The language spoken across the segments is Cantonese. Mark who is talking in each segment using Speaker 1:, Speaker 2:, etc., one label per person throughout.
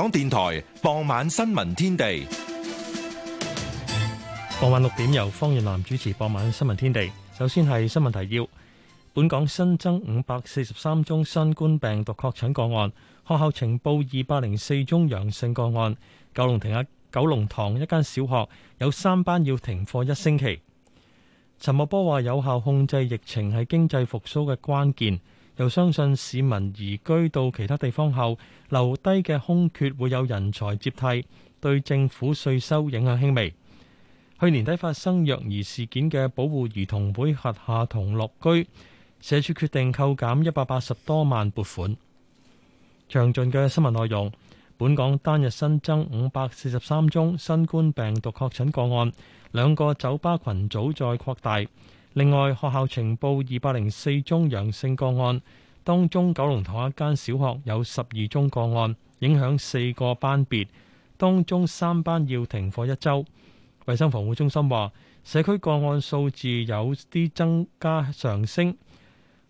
Speaker 1: 港電台傍晚新聞天地，傍晚六點由方遠南主持。傍晚新聞天地，首先係新聞提要。本港新增五百四十三宗新冠病毒確診個案，學校呈報二百零四宗陽性個案。九龍亭下九龍塘一間小學有三班要停課一星期。陳茂波話：有效控制疫情係經濟復甦嘅關鍵。又相信市民移居到其他地方後留低嘅空缺會有人才接替，對政府稅收影響輕微。去年底發生虐兒事件嘅保護兒童會轄下同樂居，社署決定扣減一百八十多萬撥款。詳盡嘅新聞內容，本港單日新增五百四十三宗新冠病毒確診個案，兩個酒吧群組再擴大。另外，學校呈報二百零四宗陽性個案，當中九龍塘一間小學有十二宗個案，影響四個班別，當中三班要停課一周。衞生防護中心話，社區個案數字有啲增加上升，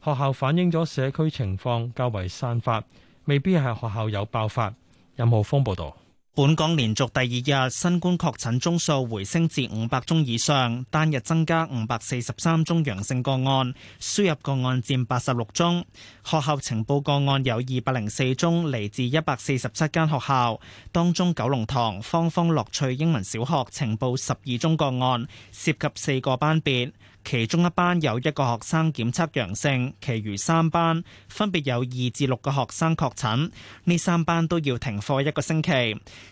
Speaker 1: 學校反映咗社區情況
Speaker 2: 較為散發，未必係學校有爆發。任浩峰報導。本港連續第二日新冠確診宗數回升至五百宗以上，單日增加五百四十三宗陽性個案，輸入個案佔八十六宗。學校情報個案有二百零四宗嚟自一百四十七間學校，當中九龍塘方方樂趣英文小學情報十二宗個案，涉及四個班別。其中一班有一個學生檢測陽性，其餘三班分別有二至六個學生確診，呢三班都要停課一個星期。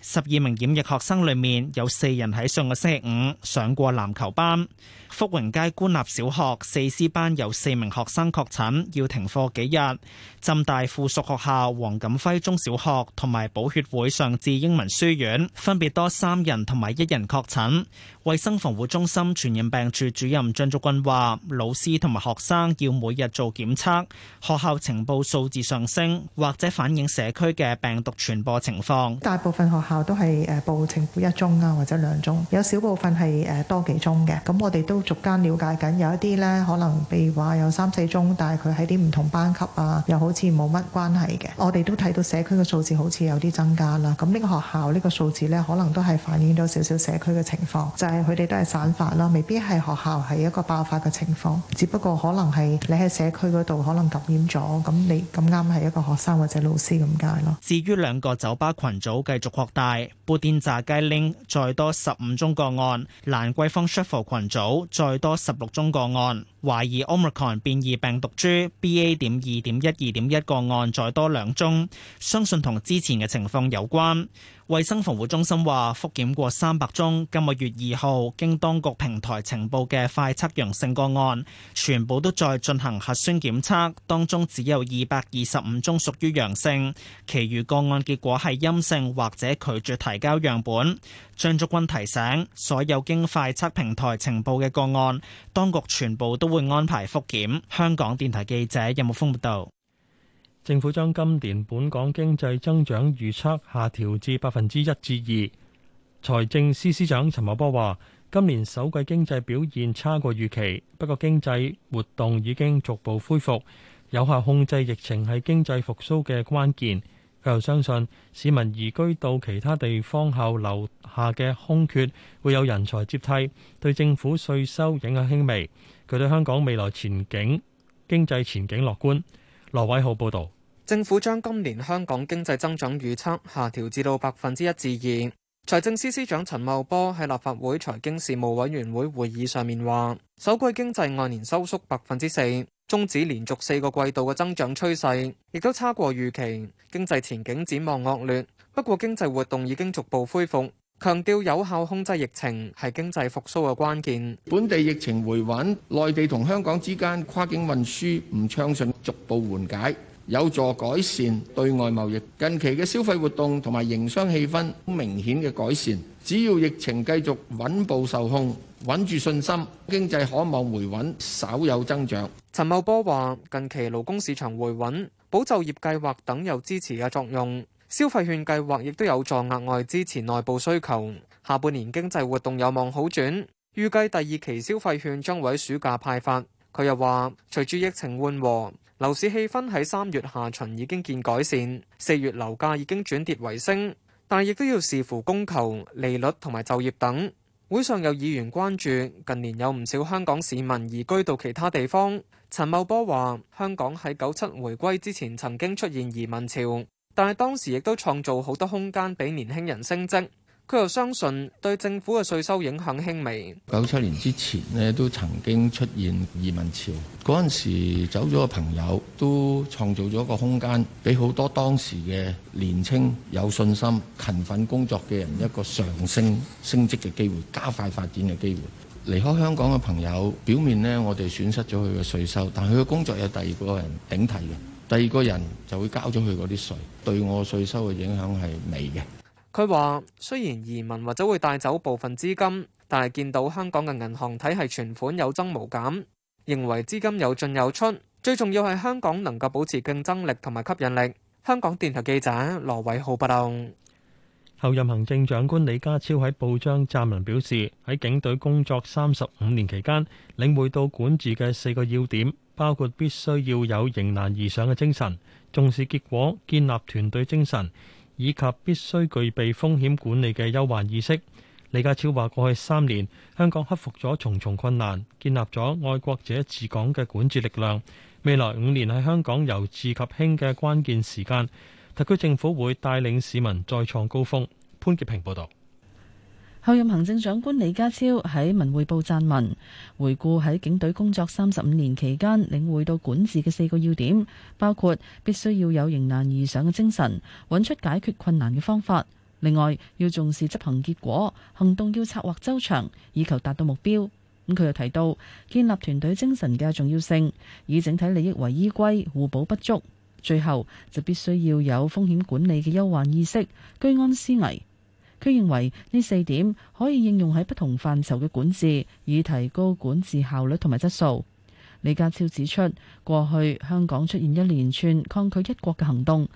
Speaker 2: 十二名染疫學生裏面，有四人喺上個星期五上過籃球班。福榮街官立小學四 C 班有四名學生確診，要停課幾日。浸大附屬學校黃錦輝中小學同埋寶血會上智英文書院分別多三人同埋一人確診。衛生防護中心傳染病處主任張竹君話：老師同埋學生要每日做檢測，學校情報數字上升或者反映社區嘅病毒傳播情況。
Speaker 3: 大部分學校都係誒報情一宗啊，或者兩宗，有少部分係誒多幾宗嘅。咁我哋都逐間了解緊，有一啲咧可能，譬如話有三四宗，但係佢喺啲唔同班級啊，又好似冇乜關係嘅。我哋都睇到社區嘅數字好似有啲增加啦。咁呢個學校個數呢個數字咧，可能都係反映咗少少社區嘅情況，就係、是。佢哋都係散發啦，未必係學校係一個爆發嘅情況，只不過可能係你喺社區嗰度可能感染咗，咁你咁啱係一個學生或者老師咁解咯。
Speaker 2: 至於兩個酒吧群組繼續擴大，砵典乍街拎再多十五宗個案，蘭桂坊 Shuffle 群組再多十六宗個案。懷疑 Omicron 變異病毒株 BA. 點二點一二點一個案再多兩宗，相信同之前嘅情況有關。衛生防護中心話，復檢過三百宗，今個月二號經當局平台呈報嘅快測陽性個案，全部都在進行核酸檢測，當中只有二百二十五宗屬於陽性，其餘個案結果係陰性或者拒絕提交樣本。張竹君提醒，所有經快測平台呈報嘅個案，當局全部都會安排復檢。香港電台記者任木豐報道，
Speaker 1: 政府將今年本港經濟增長預測下調至百分之一至二。財政司司長陳茂波話：今年首季經濟表現差過預期，不過經濟活動已經逐步恢復，有效控制疫情係經濟復甦嘅關鍵。又相信市民移居到其他地方後留下嘅空缺，會有人才接替，對政府稅收影響輕微。佢對香港未來前景、經濟前景樂觀。羅偉浩報道，
Speaker 4: 政府將今年香港經濟增長預測下調至到百分之一至二。財政司司長陳茂波喺立法會財經事務委員會會議上面話，首季經濟按年收縮百分之四。終止連續四個季度嘅增長趨勢，亦都差過預期，經濟前景展望惡劣。不過經濟活動已經逐步恢
Speaker 5: 復，強調有效控制疫情係經濟復蘇嘅關鍵。本地疫情回穩，內地同香港之間跨境運輸唔暢順，逐步緩解，有助改善對外貿易。近期嘅消費活動同埋營商氣氛明顯嘅改善，只要疫情繼續穩步受控，穩住信心，經濟可望回穩，稍有增長。陳茂波話：近期勞工市場回穩，保
Speaker 4: 就業計劃等有支持嘅作用，消費券計劃亦都有助額外支持內部需求。下半年經濟活動有望好轉，預計第二期消費券將會暑假派發。佢又話：隨住疫情緩和，樓市氣氛喺三月下旬已經見改善，四月樓價已經轉跌為升，但亦都要視乎供求、利率同埋就業等。會上有議員關注近年有唔少香港市民移居到其他地方。陳茂波話：香港喺九七回歸之前曾經出現移民潮，但係當時亦都創造好多空間畀年輕人升職。佢又相信對政府嘅稅收影響輕微。
Speaker 5: 九七年之前呢，都曾經出現移民潮。嗰陣時走咗嘅朋友，都創造咗一個空間，俾好多當時嘅年青有信心、勤奮工作嘅人一個上升升，升職嘅機會、加快發展嘅機會。離開香港嘅朋友，表面呢，我哋損失咗佢嘅稅收，但係佢嘅工作有第二個人頂替嘅，第二個人就會交咗佢嗰啲稅，對我稅收嘅影響係微嘅。
Speaker 4: 佢話：雖然移民或者會帶走部分資金，但係見到香港嘅銀行體系存款有增無減，認為資金有進有出。最重要係香港能夠保持競爭力同埋吸引力。香港電台記者羅偉浩報道。
Speaker 1: 候任行政長官李家超喺報章撰文表示：喺警隊工作三十五年期間，領會到管治嘅四個要點，包括必須要有迎難而上嘅精神，重視結果，建立團隊精神。以及必須具備風險管理嘅憂患意識。李家超話：過去三年，香港克服咗重重困難，建立咗愛國者治港嘅管治力量。未來五年係香港由治及興嘅關鍵時間，特區政府會帶領市民再創高峰。潘潔平報道。
Speaker 6: 候任行政長官李家超喺文匯報撰文，回顧喺警隊工作三十五年期間，領會到管治嘅四個要點，包括必須要有迎難而上嘅精神，揾出解決困難嘅方法；另外，要重視執行結果，行動要策劃周詳，以求達到目標。咁佢又提到建立團隊精神嘅重要性，以整體利益為依歸，互補不足。最後就必須要有風險管理嘅憂患意識，居安思危。佢認為呢四點可以應用喺不同範疇嘅管治，以提高管治效率同埋質素。李家超指出，過去香港出現一連串抗拒一國嘅行動，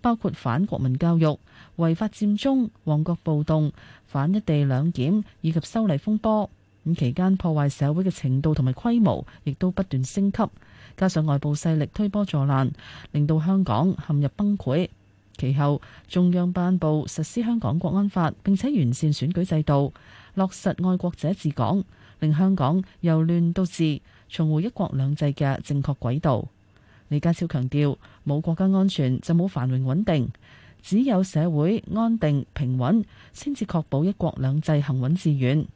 Speaker 6: 包括反國民教育、違法佔中、旺角暴動、反一地兩檢以及修例風波。咁期間破壞社會嘅程度同埋規模，亦都不斷升級，加上外部勢力推波助瀾，令到香港陷入崩潰。其後，中央頒布實施香港國安法，並且完善選舉制度，落實愛國者治港，令香港由亂到治，重回一國兩制嘅正確軌道。李家超強調，冇國家安全就冇繁榮穩定，只有社會安定平穩，先至確保一國兩制行穩致遠。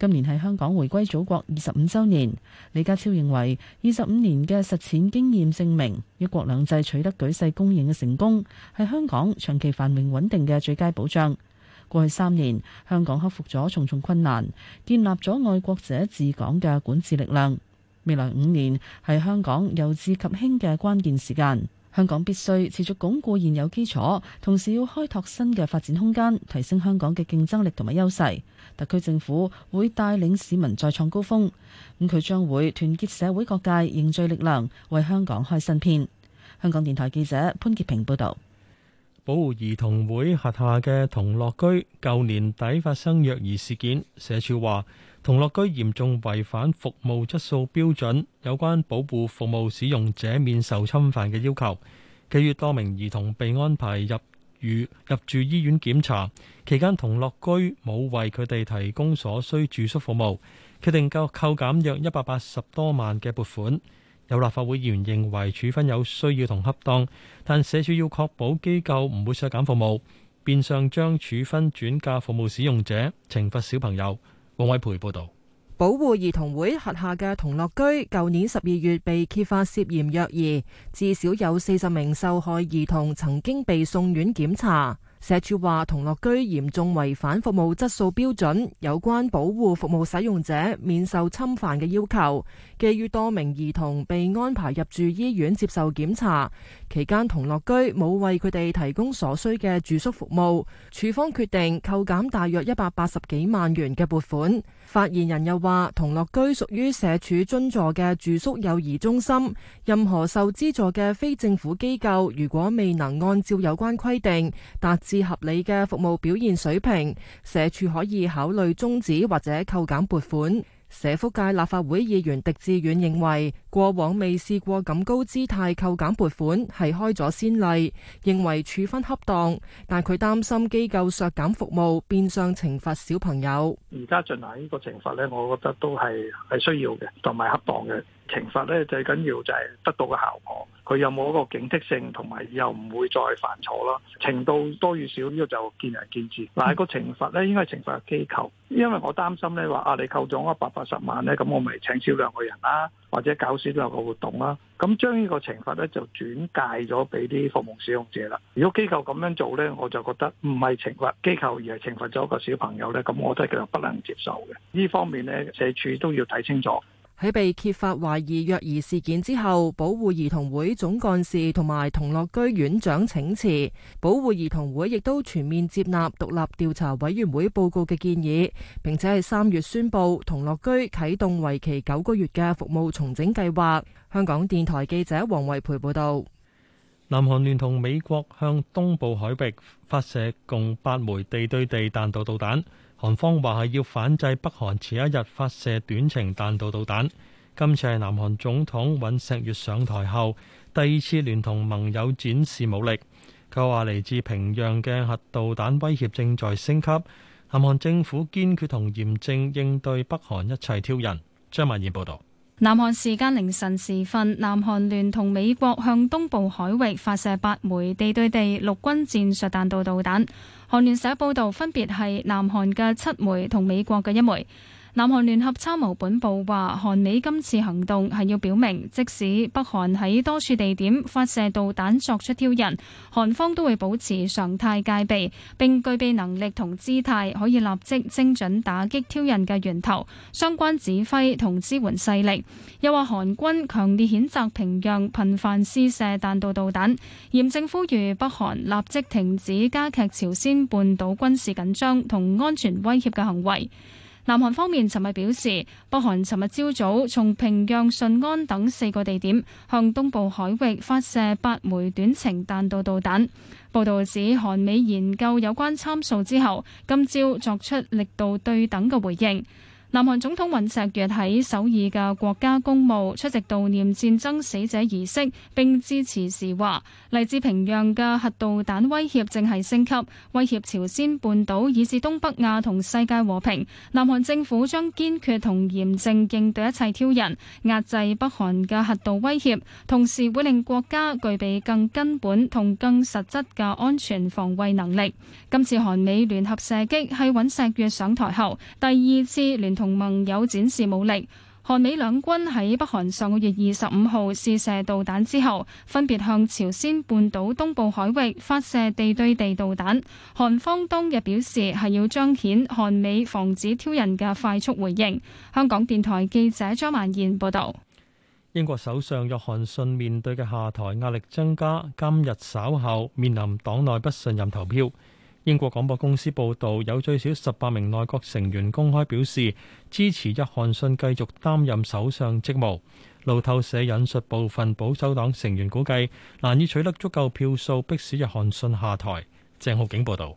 Speaker 6: 今年係香港回歸祖國二十五周年。李家超認為，二十五年嘅實踐經驗證明，一國兩制取得舉世公認嘅成功，係香港長期繁榮穩定嘅最佳保障。過去三年，香港克服咗重重困難，建立咗愛國者治港嘅管治力量。未來五年，係香港由治及興嘅關鍵時間。香港必須持續鞏固現有基礎，同時要開拓新嘅發展空間，提升香港嘅競爭力同埋優勢。特區政府會帶領市民再創高峰。咁佢將會團結社會各界，凝聚力量，為香港開新篇。香港電台記者潘潔平報導。
Speaker 1: 保護兒童會轄下嘅同樂居舊年底發生虐兒事件，社署話同樂居嚴重違反服務質素標準有關保護服務使用者免受侵犯嘅要求，其餘多名兒童被安排入院入住醫院檢查，期間同樂居冇為佢哋提供所需住宿服務，決定扣扣減約一百八十多萬嘅撥款。有立法會議員認為處分有需要同恰當，但社署要確保機構唔會削減服務，變相將處分轉嫁服務使用者，懲罰小朋友。王偉培報導，
Speaker 7: 保護兒童會轄下嘅童樂居，舊年十二月被揭發涉嫌虐兒，至少有四十名受害兒童曾經被送院檢查。社署話同樂居嚴重違反服務質素標準，有關保護服務使用者免受侵犯嘅要求，基於多名兒童被安排入住醫院接受檢查期間，同樂居冇為佢哋提供所需嘅住宿服務，署方決定扣減大約一百八十幾萬元嘅撥款。發言人又話，同樂居屬於社署津助嘅住宿幼兒中心，任何受資助嘅非政府機構，如果未能按照有關規定，達至合理嘅服務表現水平，社署可以考慮終止或者扣減撥款。社福界立法會議員狄志遠認為，過往未試過咁高姿態扣減撥款，係開咗先例，認為處分恰當，但佢擔心機構削減服務變相懲罰小朋友。
Speaker 1: 而家進行呢個懲罰呢，我覺得都係係需要嘅，同埋恰當嘅。懲罰咧，最緊要就係得到個效果，佢有冇一個警惕性，
Speaker 8: 同埋又唔會再犯錯啦。
Speaker 1: 程度多與少呢，這個就見仁見智。但係個懲
Speaker 5: 罰咧，應該係懲罰機構，因為我擔心咧，話啊你扣咗一百八十萬咧，咁我咪請少兩個
Speaker 9: 人啦，
Speaker 5: 或者搞少兩個活動啦。咁將呢個懲罰咧就轉介咗俾啲服務使用者啦。如果機構咁樣做咧，我就覺得唔係懲罰機構，而係懲罰
Speaker 1: 咗個小朋友咧，咁我都係不能接受嘅。呢方面咧，社署都要睇清楚。
Speaker 7: 喺被揭發懷疑虐兒事件之後，保護兒童會總幹事同埋同樂居院長請辭。保護兒童會亦都全面接納獨立調查委員會報告嘅建議，並且喺三月宣布同樂居啟動為期九個月嘅服務重整計劃。香港電台記者黃惠培報道。
Speaker 1: 南韓聯同美國向東部海域發射共八枚地對地彈道導彈。韓方話係要反制北韓遲一日發射短程彈道導彈。今次係南韓總統尹錫悅上台後第二次聯同盟友展示武力。佢話嚟自平壤嘅核導彈威脅正在升級，南韓政府堅決同嚴正應對北韓一切挑釁。張文燕報
Speaker 10: 導。南韓時間凌晨時分，南韓聯同美國向東部海域發射八枚地對地陸軍戰術彈道導彈。韓聯社報道，分別係南韓嘅七枚同美國嘅一枚。南韓聯合參謀本部話：韓美今次行動係要表明，即使北韓喺多處地點發射導彈作出挑釁，韓方都會保持常態戒備，並具備能力同姿態可以立即精準打擊挑釁嘅源頭、相關指揮同支援勢力。又話韓軍強烈譴責平壤頻繁試射彈道導彈，嚴正呼籲北韓立即停止加劇朝鮮半島軍事緊張同安全威脅嘅行為。南韓方面尋日表示，北韓尋日朝早從平壤、順安等四個地點向東部海域發射八枚短程彈道導彈。報導指，韓美研究有關參數之後，今朝作出力度對等嘅回應。南韓總統尹錫悦喺首爾嘅國家公墓出席悼念戰爭死者儀式，並支持時話：嚟自平壤嘅核導彈威脅正係升級，威脅朝鮮半島以至東北亞同世界和平。南韓政府將堅決同嚴正應對一切挑釁，壓制北韓嘅核導威脅，同時會令國家具備更根本同更實質嘅安全防衞能力。今次韓美聯合射擊係尹錫悦上台後第二次聯。同盟有展示武力，韓美兩軍喺北韓上個月二十五號試射導彈之後，分別向朝鮮半島東部海域發射地對地導彈。韓方當日表示係要彰顯韓美防止挑釁嘅快速回應。香港電台記者張曼燕報道，
Speaker 1: 英國首相約翰遜面對嘅下台壓力增加，今日稍後面臨黨內不信任投票。英國廣播公司報導，有最少十八名內閣成員公開表示支持約翰遜繼續擔任首相職務。路透社引述部分保守黨成員估計，難以取得足夠票數，迫使約翰遜下台。鄭浩景報導。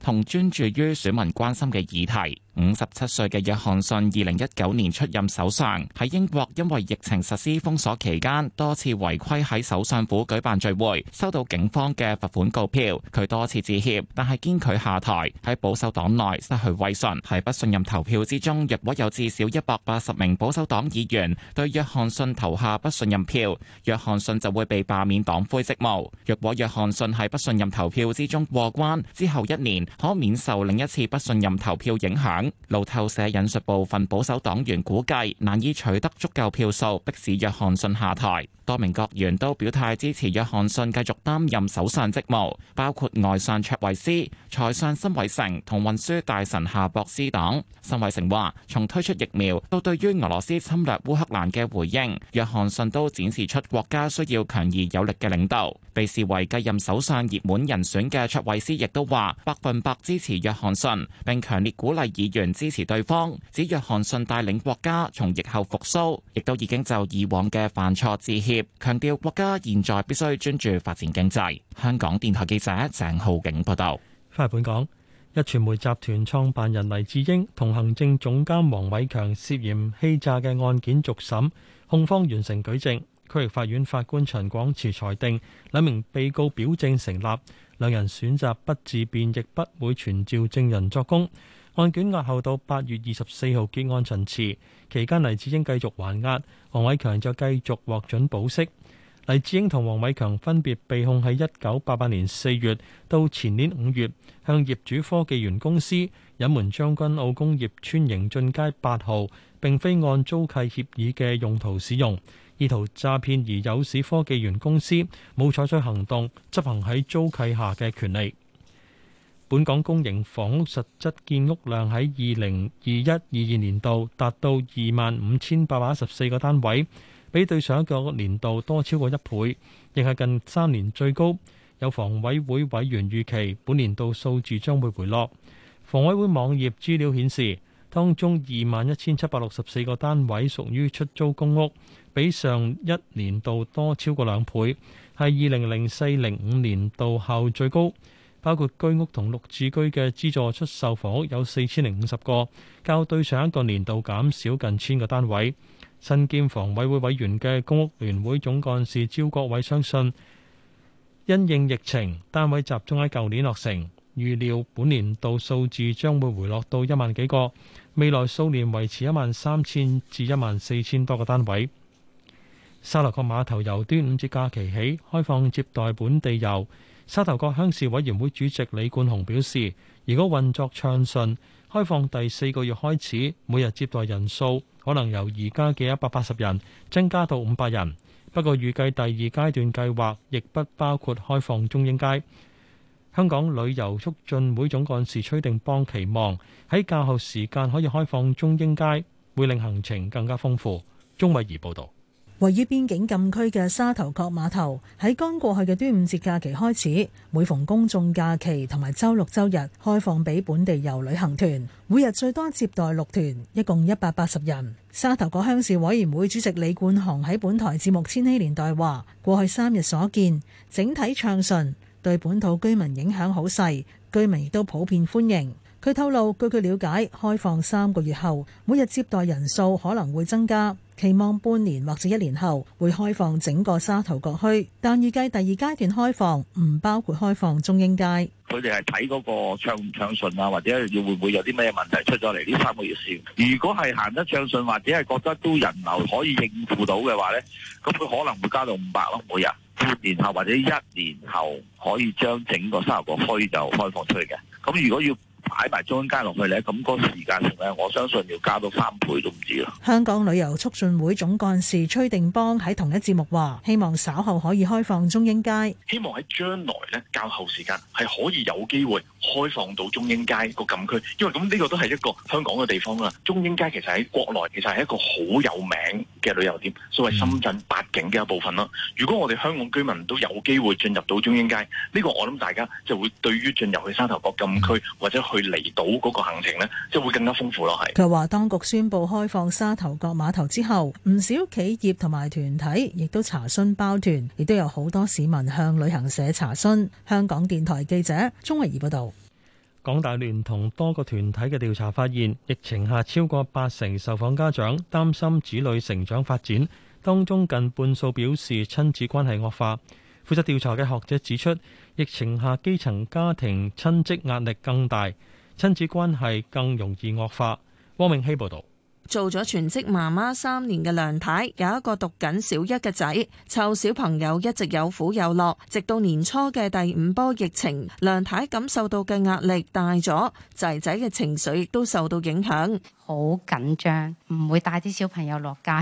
Speaker 11: 同專注於選民關心嘅議題。五十七歲嘅約翰遜，二零一九年出任首相。喺英國因為疫情實施封鎖期間，多次違規喺首相府舉辦聚會，收到警方嘅罰款告票。佢多次致歉，但係堅拒下台。喺保守黨內失去威信。喺不信任投票之中，若果有至少一百八十名保守黨議員對約翰遜投下不信任票，約翰遜就會被罷免黨魁職務。若果約翰遜喺不信任投票之中過關，之後一年可免受另一次不信任投票影響。路透社引述部分保守黨員估計，難以取得足夠票數，迫使約翰遜下台。多名閣員都表態支持約翰遜繼續擔任首相職務，包括外相卓慧思、財相辛偉誠同運輸大臣夏博斯等。辛偉誠話：從推出疫苗到對於俄羅斯侵略烏克蘭嘅回應，約翰遜都展示出國家需要強而有力嘅領導。被視為繼任首相熱門人選嘅卓慧思亦都話：百分百支持約翰遜，並強烈鼓勵議員支持對方，指約翰遜帶領國家從疫後復甦，亦都已經就以往嘅犯錯致歉。強調國家現在必須專注發展經濟。香港電台記者鄭浩景報道。
Speaker 1: 翻嚟本港，壹傳媒集團創辦人黎智英同行政總監黃偉強涉嫌欺詐嘅案件續審，控方完成舉證，區域法院法官陳廣池裁定兩名被告表證成立，兩人選擇不自辯，亦不會傳召證人作供。案件押後到八月二十四號結案陳詞，期間黎智英繼續還押，黃偉強就繼續獲准保釋。黎智英同黃偉強分別被控喺一九八八年四月到前年五月，向業主科技園公司隱瞞將軍澳工業邨盈進街八號，並非按租契協議嘅用途使用，意圖詐騙而誘使科技園公司冇採取行動執行喺租契下嘅權利。本港公營房屋實質建屋量喺二零二一、二二年度達到二萬五千八百一十四個單位，比對上一個年度多超過一倍，亦係近三年最高。有房委會委員預期本年度數字將會回落。房委會網頁資料顯示，當中二萬一千七百六十四個單位屬於出租公屋，比上一年度多超過兩倍，係二零零四、零五年度後最高。包括居屋同綠置居嘅資助出售房屋有四千零五十個，較對上一個年度減少近千個單位。身兼房委會委員嘅公屋聯會總幹事招國偉相信，因應疫情，單位集中喺舊年落成，預料本年度數字將會回落到一萬幾個，未來數年維持一萬三千至一萬四千多個單位。沙頭角碼頭由端午節假期起開放接待本地遊。沙頭角鄉事委員會主席李冠雄表示，如果運作暢順，開放第四個月開始，每日接待人數可能由而家嘅一百八十人增加到五百人。不過預計第二階段計劃亦不包括開放中英街。香港旅遊促進會總幹事崔定邦期望喺較後時間可以開放中英街，會令行程更加豐富。鍾偉儀報道。
Speaker 3: 位於邊境禁區嘅沙頭角碼頭喺剛過去嘅端午節假期開始，每逢公眾假期同埋周六周日開放俾本地遊旅行團，每日最多接待六團，一共一百八十人。沙頭角鄉事委員會主席李冠航喺本台節目《千禧年代》話，過去三日所見整體暢順，對本土居民影響好細，居民亦都普遍歡迎。佢透露，據據了解，開放三個月後，每日接待人數可能會增加，期望半年或者一年後會開放整個沙頭角區，但預計第二階段開放唔包括開放中英街。
Speaker 5: 佢哋係睇嗰個暢唔暢順啊，或者會唔會有啲咩問題出咗嚟？呢三個月先，如果係行得暢順，或者係覺得都人流可以應付到嘅話呢，咁佢可能會加到五百咯，每日半年後或者一年後可以將整個沙頭角區就開放出去嘅。咁如果要擺埋中英街落去咧，咁、那、嗰個時間咧，我相信要加到三倍都唔止啦。
Speaker 3: 香港旅遊促進會總幹事崔定邦喺同一節目話，希望稍後可以開放中英街。希望喺
Speaker 9: 將來咧，較後時間係可以有機會。開放到中英街個禁區，因為咁呢個都係一個香港嘅地方啦。中英街其實喺國內其實係一個好有名嘅旅遊點，所謂深圳八景嘅一部分啦。如果我哋香港居民都有機會進入到中英街，呢個我諗大家就會對於進入去沙頭角禁區或者去離島嗰個行程呢，即係會更加豐富咯。係。
Speaker 3: 佢話，當局宣布開放沙頭角碼頭之後，唔少企業同埋團體亦都查詢包團，亦都有好多市民向旅行社查詢。香港電台記者鍾慧儀報道。
Speaker 1: 港大聯同多個團體嘅調查發現，疫情下超過八成受訪家長擔心子女成長發展，當中近半數表示親子關係惡化。負責調查嘅學者指出，疫情下基層家庭親職壓力更大，親子關係更容易惡化。汪明熙報導。
Speaker 12: 做咗全職媽媽三年嘅梁太，有一個讀緊小一嘅仔，湊小朋友一直有苦有樂。直到年初嘅第五波疫情，梁太感受到嘅壓力大咗，仔仔嘅情緒亦都受到影響。好緊張，唔會帶啲小朋友落街，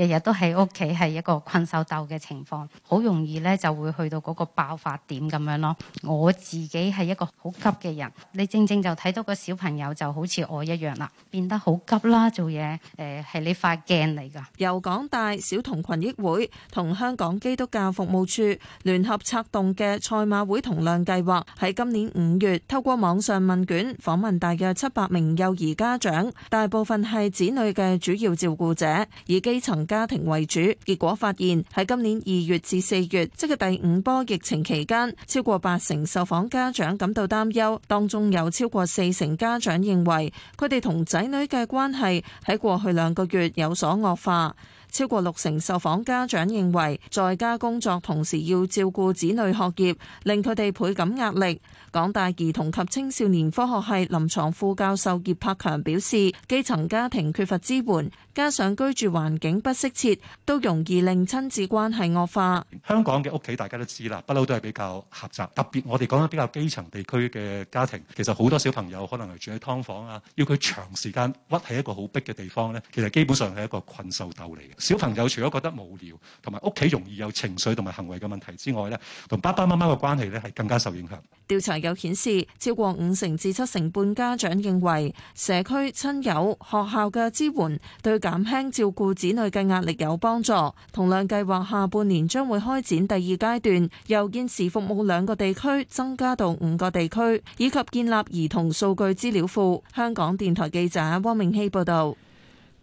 Speaker 10: 日日都喺屋企，係一個困獸鬥嘅情況，好容易咧就會去到嗰個爆發點咁樣咯。我自己係一個好急嘅人，你正正就睇到個小朋友
Speaker 12: 就好似我一樣啦，變得好急啦，做嘢誒係呢塊鏡嚟㗎。由港大小童群益會同香港基督教服務處聯合策動嘅賽馬會童亮計劃，喺今年五月透過網上問卷訪問大約七百名幼兒家長。大部分係子女嘅主要照顧者，以基層家庭為主。結果發現，喺今年二月至四月，即係第五波疫情期間，超過八成受訪家長感到擔憂，當中有超過四成家長認為，佢哋同仔女嘅關係喺過去兩個月有所惡化。超過六成受訪家長認為，在家工作同時要照顧子女學業，令佢哋倍感壓力。港大兒童及青少年科學系臨床副教授葉柏強表示，基層家庭缺乏支援。加上居住環境不適切，都容易令親子關係惡化。
Speaker 1: 香港嘅屋企大家都知啦，不嬲都係比較狹窄，特別我哋講緊比較基層地區嘅家庭，其實好多小朋友可能係住喺劏房啊，要佢長時間屈喺一個好逼嘅地方呢，其實基本上係一個困獸鬥嚟嘅。小朋友除咗覺得無聊，同埋屋企容易有情緒同埋行為嘅問題之外呢，同爸爸媽媽嘅關係呢係更加受影響。
Speaker 12: 調查有顯示，超過五成至七成半家長認為社區、親友、學校嘅支援對減輕照顧子女嘅壓力有幫助。同樣計劃下半年將會開展第二階段，由現時服務兩個地區增加到五個地區，以及建立兒童數據資料庫。香港電台記者汪明熙報導。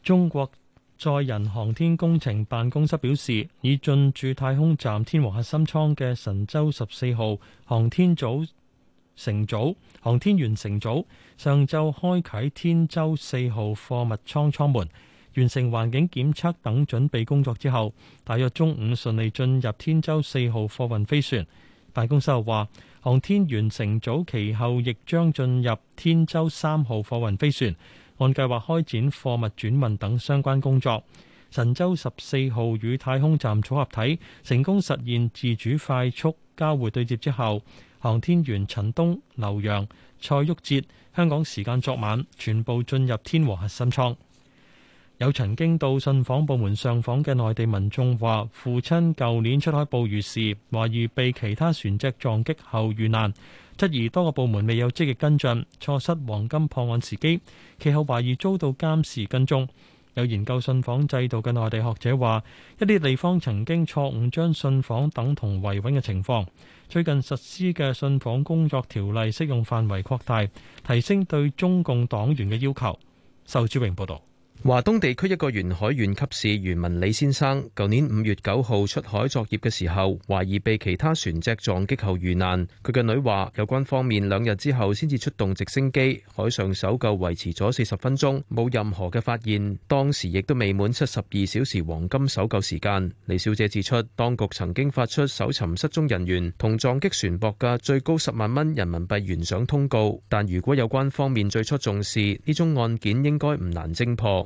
Speaker 1: 中國載人航天工程辦公室表示，已進駐太空站天和核心艙嘅神舟十四號航天員乘組航天員乘組上晝開啓天舟四號貨物艙艙門。完成環境檢測等準備工作之後，大約中午順利進入天舟四號貨運飛船。大公收話，航天員乘組其後亦將進入天舟三號貨運飛船，按計劃開展貨物轉運等相關工作。神舟十四號與太空站組合體成功實現自主快速交會對接之後，航天員陳冬、劉洋、蔡旭哲，香港時間昨晚全部進入天和核心艙。有曾經到信訪部門上訪嘅內地民眾話：父親舊年出海捕魚時，懷疑被其他船隻撞擊後遇難，質疑多個部門未有積極跟進，錯失黃金破案時機。其後懷疑遭到監視跟蹤。有研究信訪制度嘅內地學者話：一啲地方曾經錯誤將信訪等同維穩嘅情況，最近實施嘅信訪工作條例適用範圍擴大，提升對中共黨員嘅要求。仇志榮報道。
Speaker 13: 華東地區，一個沿海縣級市漁民李先生，舊年五月九號出海作業嘅時候，懷疑被其他船隻撞擊後遇難。佢嘅女話，有關方面兩日之後先至出動直升機，海上搜救維持咗四十分鐘，冇任何嘅發現。當時亦都未滿七十二小時黃金搜救時間。李小姐指出，當局曾經發出搜尋失蹤人員同撞擊船舶嘅最高十萬蚊人民幣懸賞通告，但如果有關方面最初重視呢宗案件，應該唔難偵破。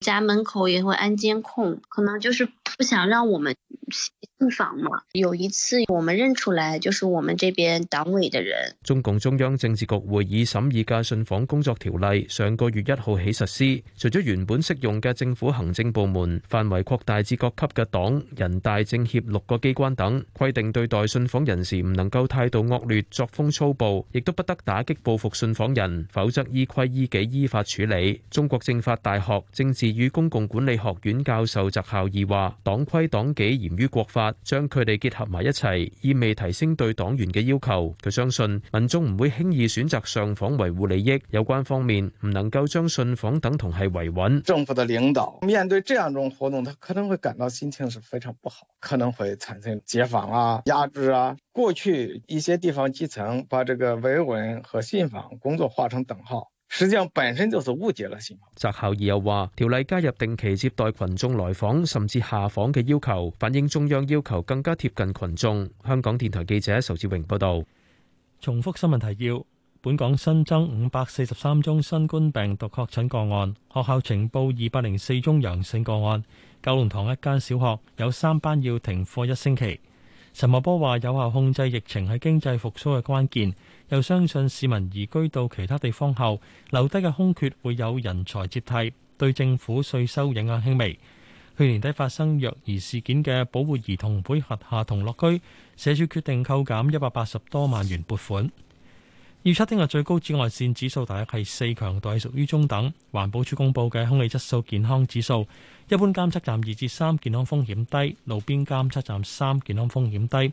Speaker 12: 家門口也會安監控，可能就是不想讓我們。信訪嘛，有一次我們認出來，就是我們這邊黨委的
Speaker 13: 人。中共中央政治局會議審議嘅信訪工作條例上個月一號起實施，除咗原本適用嘅政府行政部門，範圍擴大至各級嘅黨、人大、政協六個機關等，規定對待信訪人士唔能夠態度惡劣、作風粗暴，亦都不得打擊報復信訪人，否則依規依紀依法處理。中國政法大學政治與公共管理學院教授翟校義話：黨規黨紀嚴於國法。將佢哋結合埋一齊，意味提升對黨員嘅要求。佢相信民眾唔會輕易選擇上訪維護利益，有關方面唔能夠將信訪等同係維穩。政府
Speaker 4: 的領導面對這樣一種活動，他可能會感到心情是非常不好，可能會產生截訪啊、壓制啊。過去一些地方基層把這個維穩和信訪工作劃成等號。實際上本身就是誤解了情。
Speaker 13: 擇校儀又話：條例加入定期接待群眾來訪甚至下訪嘅要求，反映中央要求更加貼近群眾。香港電台記者仇志榮報
Speaker 1: 道。重複新聞提要：本港新增五百四十三宗新冠病毒確診個案，學校呈報二百零四宗陽性個案。九龍塘一間小學有三班要停課一星期。陳茂波話：有效控制疫情係經濟復蘇嘅關鍵。又相信市民移居到其他地方後，留低嘅空缺會有人才接替，對政府稅收影響輕微。去年底發生虐兒事件嘅保護兒童會轄下同樂居，社署決定扣減一百八十多萬元撥款。預測聽日最高紫外線指數大約係四強度，係屬於中等。環保署公布嘅空氣質素健康指數，一般監測站二至三，健康風險低，路邊監測站三，健康風險低。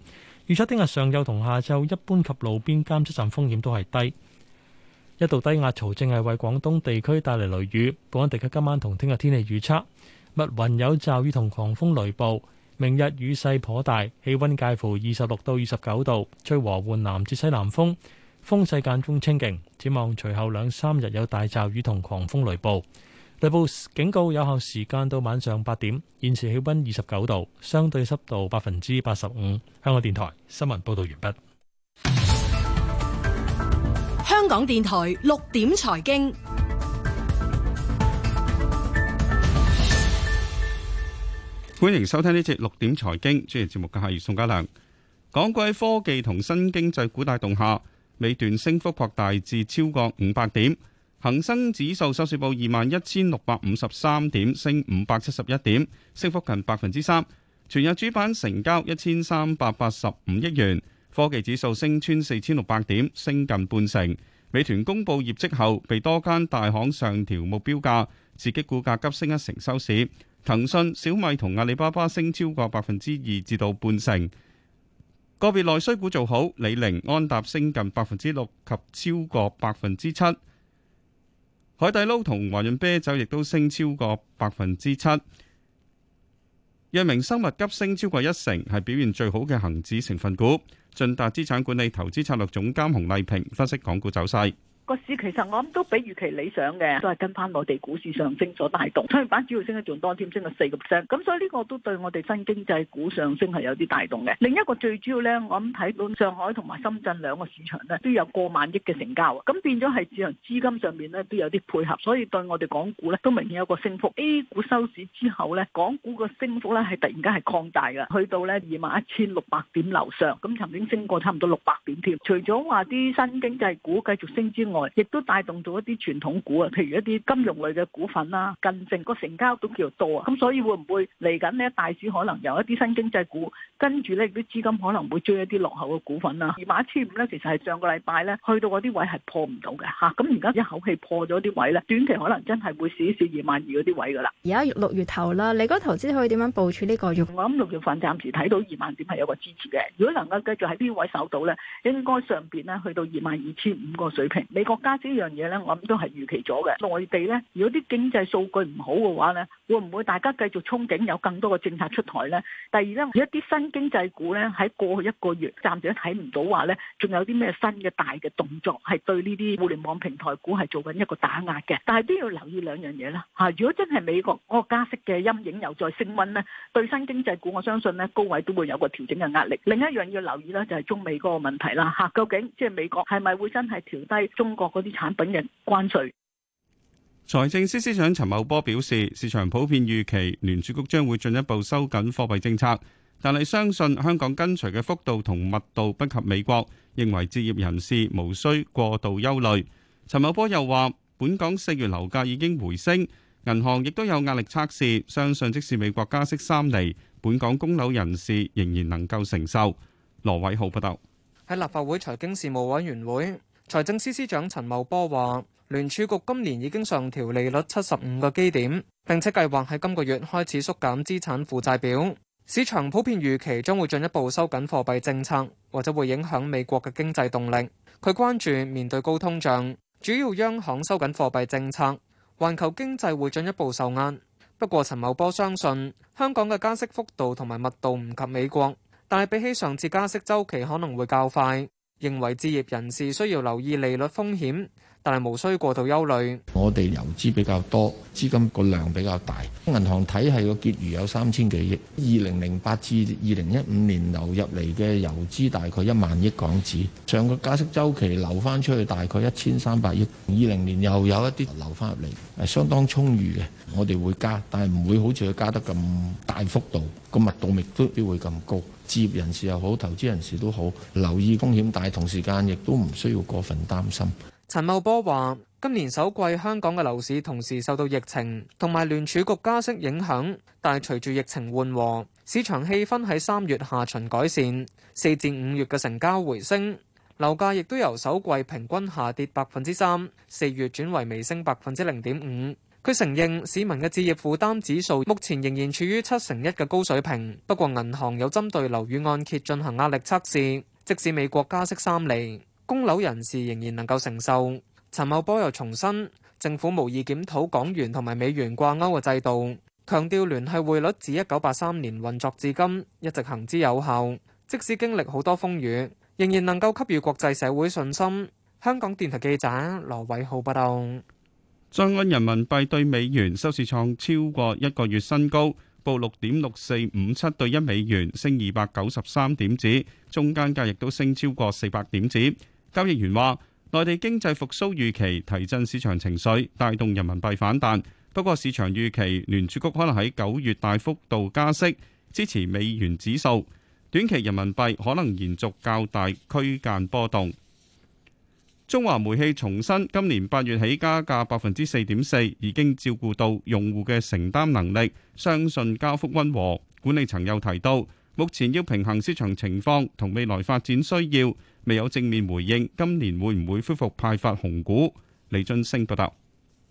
Speaker 1: 預測聽日上晝同下晝一般及路邊監測站風險都係低。一道低壓槽正係為廣東地區帶嚟雷雨。本港地區今晚同聽日天氣預測：密雲有驟雨同狂風雷暴。明日雨勢頗大，氣溫介乎二十六到二十九度，吹和緩南至西南風，風勢間中清勁。展望隨後兩三日有大驟雨同狂風雷暴。雷暴警告有效時間到晚上八點，現時氣溫二十九度，相對濕度百分之八十五。香港電台新聞報道完畢。
Speaker 6: 香港電台六點財經，財
Speaker 14: 經，歡迎收聽呢節六點財經，主持節目嘅係宋家良。港股喺科技同新經濟股帶動下，尾段升幅擴大至超過五百點。恒生指數收市報二萬一千六百五十三點，升五百七十一點，升幅近百分之三。全日主板成交一千三百八十五億元。科技指數升穿四千六百點，升近半成。美團公布業績後，被多間大行上調目標價，刺激股價急升一成收市。騰訊、小米同阿里巴巴升超過百分之二至到半成。個別內需股做好，李寧、安踏升近百分之六及超過百分之七。海底撈同華潤啤酒亦都升超過百分之七，藥明生物急升超過一成，係表現最好嘅恒指成分股。晉達資產管理投資策略總監洪麗平分析港股走勢。
Speaker 8: 個市其實我諗都比預期理想嘅，都係跟翻內地股市上升所帶動，創業板主要升得仲多添，升到四個 percent，咁所以呢個都對我哋新經濟股上升係有啲帶動嘅。另一個最主要呢，我諗睇到上海同埋深圳兩個市場呢，都有過萬億嘅成交，咁變咗係市場資金上面呢都有啲配合，所以對我哋港股呢，都明顯有個升幅。A 股收市之後呢，港股個升幅呢係突然間係擴大嘅，去到呢二萬一千六百點樓上，咁曾經升過差唔多六百點添。除咗話啲新經濟股繼續升之外，亦都帶動咗一啲傳統股啊，譬如一啲金融類嘅股份啦，近成個成交都叫做多啊，咁所以會唔會嚟緊呢？大市可能有一啲新經濟股，跟住呢啲都資金可能會追一啲落後嘅股份啦。二萬一千五呢，其實係上個禮拜呢去到嗰啲位係破唔到嘅吓，咁而家一口氣破咗啲位呢，短期可能真係會少少二萬二嗰啲位噶啦。而家六月頭啦，你嗰投資可以點樣部署呢？這個月我諗六月份暫時睇到二萬點係有個支持嘅，如果能夠繼續喺呢位守到呢，應該上邊呢去到二萬二千五個水平。國家呢樣嘢呢，我諗都係預期咗嘅。內地呢，如果啲經濟數據唔好嘅話呢，會唔會大家繼續憧憬有更多嘅政策出台呢？第二呢，一啲新經濟股呢，喺過去一個月暫時都睇唔到話呢，仲有啲咩新嘅大嘅動作係對呢啲互聯網平台股係做緊一個打壓嘅。但係都要留意兩樣嘢啦嚇，如果真係美國嗰個加息嘅陰影又再升溫呢，對新經濟股我相信呢，高位都會有個調整嘅壓力。另一樣要留意呢，就係、是、中美嗰個問題啦嚇，究竟即係美國係咪會真係調低中中國嗰啲產品嘅關稅。
Speaker 14: 財政司司長陳茂波表示，市場普遍預期聯儲局將會進一步收緊貨幣政策，但係相信香港跟隨嘅幅度同密度不及美國。認為置業人士無需過度憂慮。陳茂波又話，本港四月樓價已經回升，銀行亦都有壓力測試。相信即使美國加息三厘，本港供樓人士仍然能夠承受。羅偉浩報道，
Speaker 4: 喺立法會財經事務委員會。財政司司長陳茂波話，聯儲局今年已經上調利率七十五個基點，並且計劃喺今個月開始縮減資產負債表。市場普遍預期將會進一步收緊貨幣政策，或者會影響美國嘅經濟動力。佢關注面對高通脹，主要央行收緊貨幣政策，環球經濟會進一步受壓。不過，陳茂波相信香港嘅加息幅度同埋密度唔及美國，但係比起上次加息週期可能會較快。認為置業人士需要留意利率風險。但係無需過度憂慮。
Speaker 5: 我哋遊資比較多，資金個量比較大。銀行體系個結餘有三千幾億。二零零八至二零一五年流入嚟嘅遊資大概一萬億港紙。上個加息週期流翻出去大概一千三百億。二零年又有一啲流翻入嚟，係相當充裕嘅。我哋會加，但係唔會好似佢加得咁大幅度，個密度未必會咁高。置業人士又好，投資人士都好，留意風險，但同時間亦都唔需要過分擔心。
Speaker 4: 陳茂波話，今年首季香港嘅樓市同時受到疫情同埋聯儲局加息影響，但係隨住疫情緩和，市場氣氛喺三月下旬改善，四至五月嘅成交回升，樓價亦都由首季平均下跌百分之三，四月轉為微升百分之零點五。佢承認市民嘅置業負擔指數目前仍然處於七成一嘅高水平，不過銀行有針對樓宇按揭進行壓力測試，即使美國加息三厘。供樓人士仍然能夠承受。陳茂波又重申，政府無意檢討港元同埋美元掛鈎嘅制度，強調聯繫匯率自一九八三年運作至今一直行之有效，即使經歷好多風雨，仍然能夠給予國際社會信心。香港電台記者羅偉浩報道，
Speaker 14: 香港人民幣對美元收市創超過一個月新高，報六點六四五七對一美元，升二百九十三點子，中間價亦都升超過四百點子。交易員話：內地經濟復甦預期提振市場情緒，帶動人民幣反彈。不過市場預期聯儲局可能喺九月大幅度加息，支持美元指數。短期人民幣可能延續較大區間波動。中華煤氣重申今年八月起加價百分之四點四，已經照顧到用戶嘅承擔能力，相信加幅溫和。管理層又提到，目前要平衡市場情況同未來發展需要，未有正面回應今年會唔會恢復派發紅股。李俊升報道。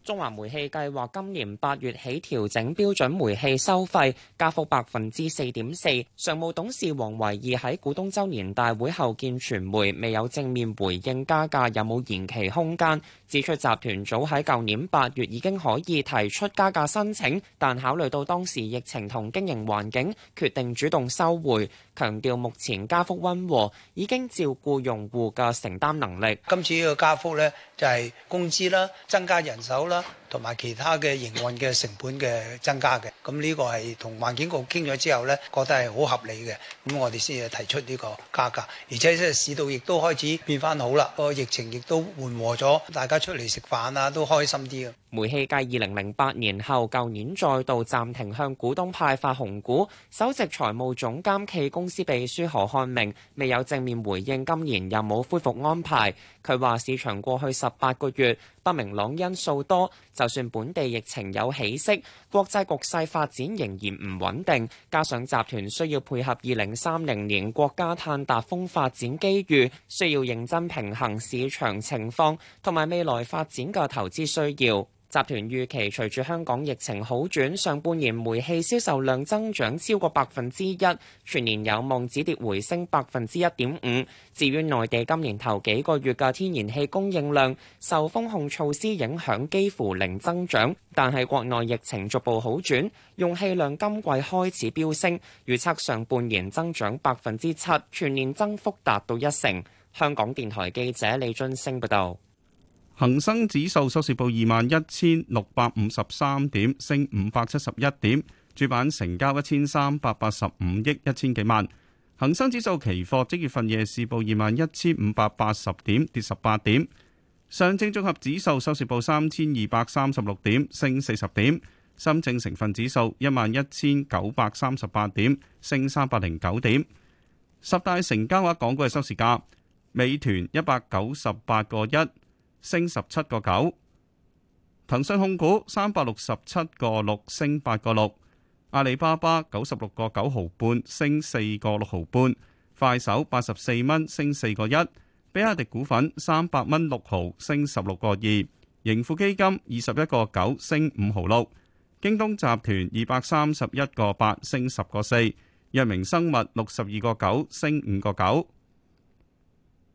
Speaker 15: 中華煤氣計劃今年八月起調整標準煤氣收費，加幅百分之四點四。常務董事王維義喺股東周年大會後見傳媒，未有正面回應加價有冇延期空間，指出集團早喺舊年八月已經可以提出加價申請，但考慮到當時疫情同經營環境，決定主動收回。強調目前加幅溫和，已經照顧用戶嘅承擔能力。今次呢個加幅咧，就係工資啦，增加人手啦。同埋其他嘅營運嘅成本嘅增加嘅，咁呢個係同環境局傾咗之後呢，覺得係好合理嘅，咁我哋先至提出呢個價格，而且即係市道亦都開始變返好啦，個疫情亦都緩和咗，大家出嚟食飯啊都開心啲啊！煤氣界二零零八年後，舊年再度暫停向股東派發紅股，首席財務總監暨公司秘書何漢明未有正面回應，今年有冇恢復安排？佢話市場過去十八個月不明朗因素多。就算本地疫情有起色，國際局勢發展仍然唔穩定，加上集團需要配合二零三零年國家碳達峰發展機遇，需要認真平衡市場情況同埋未來發展嘅投資需要。集團預期隨住香港疫情好轉，上半年煤氣銷售量增長超過百分之一，全年有望止跌回升百分之一點五。至於內地今年頭幾個月嘅天然氣供應量，受封控措施影響幾乎零增長，但係國內疫情逐步好轉，用氣量今季開始飆升，預測上半年增長百分之七，全年增幅達到一成。香港電台記者李津星報道。
Speaker 14: 恒生指數收市報二萬一千六百五十三點，升五百七十一點。主板成交一千三百八十五億一千幾萬。恒生指數期貨即月份夜市報二萬一千五百八十點，跌十八點。上證綜合指數收市報三千二百三十六點，升四十點。深證成分指數一萬一千九百三十八點，升三百零九點。十大成交額港股嘅收市價，美團一百九十八個一。升十七個九，騰訊控股三百六十七個六，升八個六；阿里巴巴九十六個九毫半，升四個六毫半；快手八十四蚊，升四個一；比亞迪股份三百蚊六毫，升十六個二；盈富基金二十一個九，升五毫六；京東集團二百三十一個八，升十個四；藥明生物六十二個九，升五個九。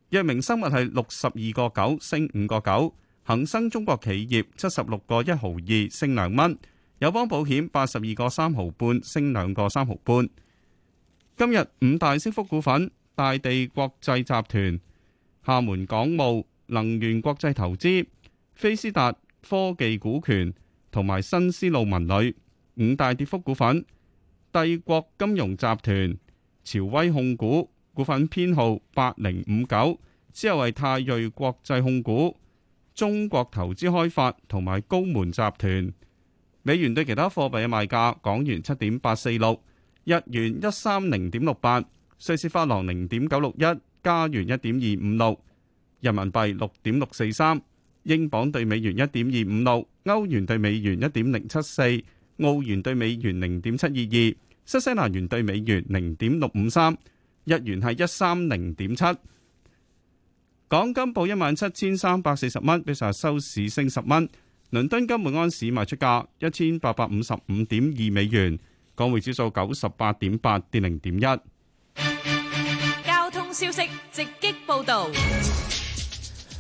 Speaker 14: 藥明生物係六十二個九，升五個九，恒生中國企業七十六個一毫二，升兩蚊，友邦保險八十二個三毫半，升兩個三毫半。今日五大升幅股份：大地國際集團、廈門港務、能源國際投資、飛思達科技股權同埋新思路文旅。五大跌幅股份：帝國金融集團、潮威控股。股份編號八零五九之後係泰瑞國際控股、中國投資開發同埋高門集團。美元對其他貨幣嘅賣價：港元七點八四六，日元一三零點六八，瑞士法郎零點九六一，加元一點二五六，人民幣六點六四三，英鎊兌美元一點二五六，歐元兌美元一點零七四，澳元兌美元零點七二二，新西蘭元兌美元零點六五三。日元係一三零點七，港金報一萬七千三百四十蚊，比上日收市升十蚊。倫敦金每安士賣出價一千八百五十五點二美元，港匯指數九十八點八，跌零點一。
Speaker 3: 交通消息直擊報道。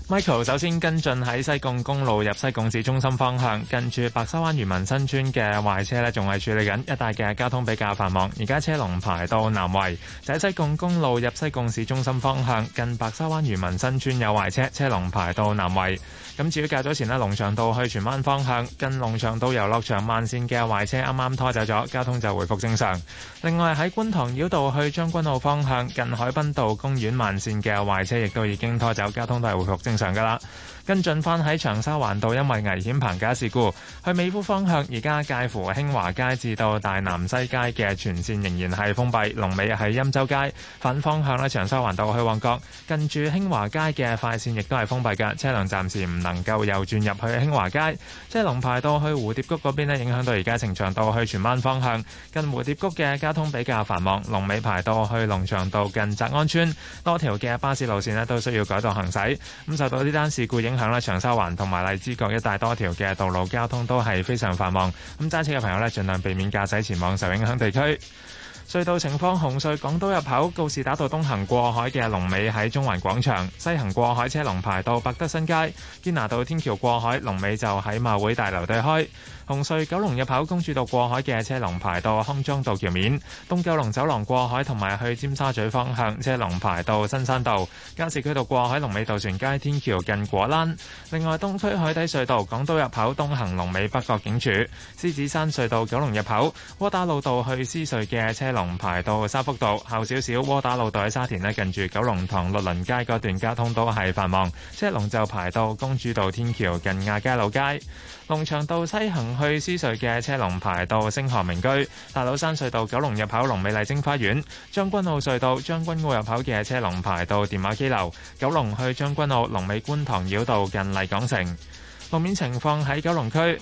Speaker 9: Michael 首先跟進喺西貢公路入西貢市中心方向，近住白沙灣漁民新村嘅壞車呢，仲係處理緊，一帶嘅交通比較繁忙，而家車龍排到南圍。就喺西貢公路入西貢市中心方向，近白沙灣漁民新村有壞車，車龍排到南圍。咁至於較早前呢，龍翔道去荃灣方向近龍翔道遊樂場慢線嘅壞車啱啱拖走咗，交通就回復正常。另外喺觀塘繞道去將軍澳方向近海濱道公園慢線嘅壞車，亦都已經拖走，交通都係回復正常㗎喇。跟進翻喺長沙灣道，因為危險棚架事故，去美孚方向而家介乎興華街至到大南西街嘅全線仍然係封閉，龍尾喺欽州街。反方向咧，長沙灣道去旺角，近住興華街嘅快線亦都係封閉嘅，車輛暫時唔能夠右轉入去興華街。即係龍排到去蝴蝶谷嗰邊咧，影響到而家呈祥道去荃灣方向，近蝴蝶谷嘅交通比較繁忙，龍尾排到去龍翔道近澤安村多條嘅巴士路線咧都需要改道行駛。咁受到呢單事故影。影響長沙灣同埋荔枝角一帶多條嘅道路交通都係非常繁忙。咁揸車嘅朋友咧，盡量避免駕駛前往受影響地區。隧道情況，紅隧港島入口告士打道東行過海嘅龍尾喺中環廣場，西行過海車龍排到百德新街，堅拿道天橋過海龍尾就喺馬會大樓對開。紅隧九龍入口，公主道過海嘅車龍排到康莊道橋面，東九龍走廊過海同埋去尖沙咀方向車龍排到新山道，加士居道過海龍尾渡船街天橋近果欄。另外，東區海底隧道港島入口東行龍尾北角警署，獅子山隧道九龍入口，窩打老道去獅隧嘅車龍排到沙福道後少少，窩打老道喺沙田咧近住九龍塘律倫街嗰段交通都係繁忙，車龍就排到公主道天橋近亞皆老街。龍翔道西行去獅隧嘅車龍排到星河名居，大老山隧道九龍入口龍尾麗晶花園，將軍澳隧道將軍澳入口嘅車龍排到電話機樓，九龍去將軍澳龍尾觀塘繞道近麗港城。路面情況喺九龍區。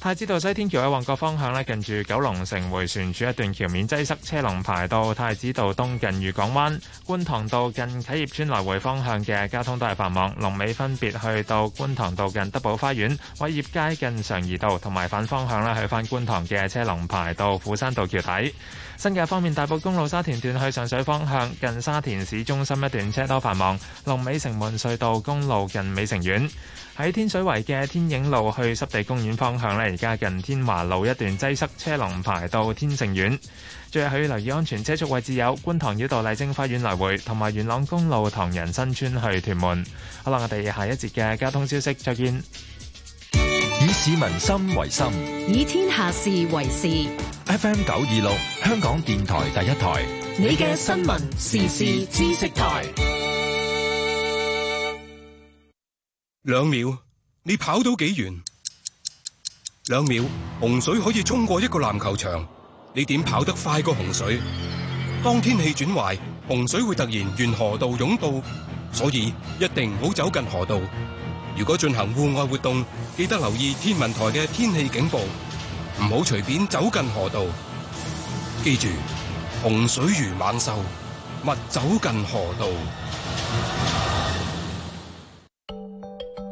Speaker 9: 太子道西天橋喺旺角方向咧，近住九龍城回旋處一段橋面擠塞，車龍排到太子道東近漁港灣。觀塘道近啟業邨來回方向嘅交通都係繁忙，龍尾分別去到觀塘道近德寶花園、偉業街近常怡道，同埋反方向咧去翻觀塘嘅車龍排到虎山道橋底。新界方面，大埔公路沙田段去上水方向近沙田市中心一段車多繁忙，龍尾城門隧道公路近美城苑。喺天水圍嘅天影路去濕地公園方向呢，而家近天華路一段擠塞車，車龍排到天盛苑。最後，你要留意安全車速位置有觀塘繞道麗晶花園來回，同埋元朗公路唐人新村去屯門。好啦，我哋下一節嘅交通消息再見。以市民心為心，以天下事為事。FM 九二六，香港電台第一台。你嘅新聞時事知識台。
Speaker 5: 兩秒，你跑到幾遠？兩秒，洪水可以衝過一個籃球場，你點跑得快過洪水？當天氣轉壞，洪水會突然沿河道湧到，所以一定唔好走近河道。如果進行戶外活動，記得留意天文台嘅天氣警報，唔好隨便走近河道。記住，洪水如猛獸，勿走近河道。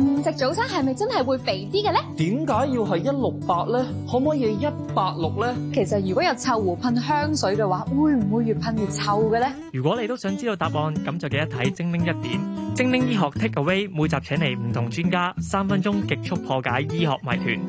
Speaker 10: 唔食、嗯、早餐係咪真係會肥啲嘅咧？
Speaker 7: 點解要係一六八咧？可唔可以一八六咧？其實如果有臭狐噴香水嘅
Speaker 6: 話，會唔會越噴越臭嘅咧？
Speaker 4: 如果你都想知道答案，咁就記得睇《精靈一點》《
Speaker 10: 精靈醫學 Takeaway》，每集請嚟唔同專家，三分鐘極速破解醫學謎團。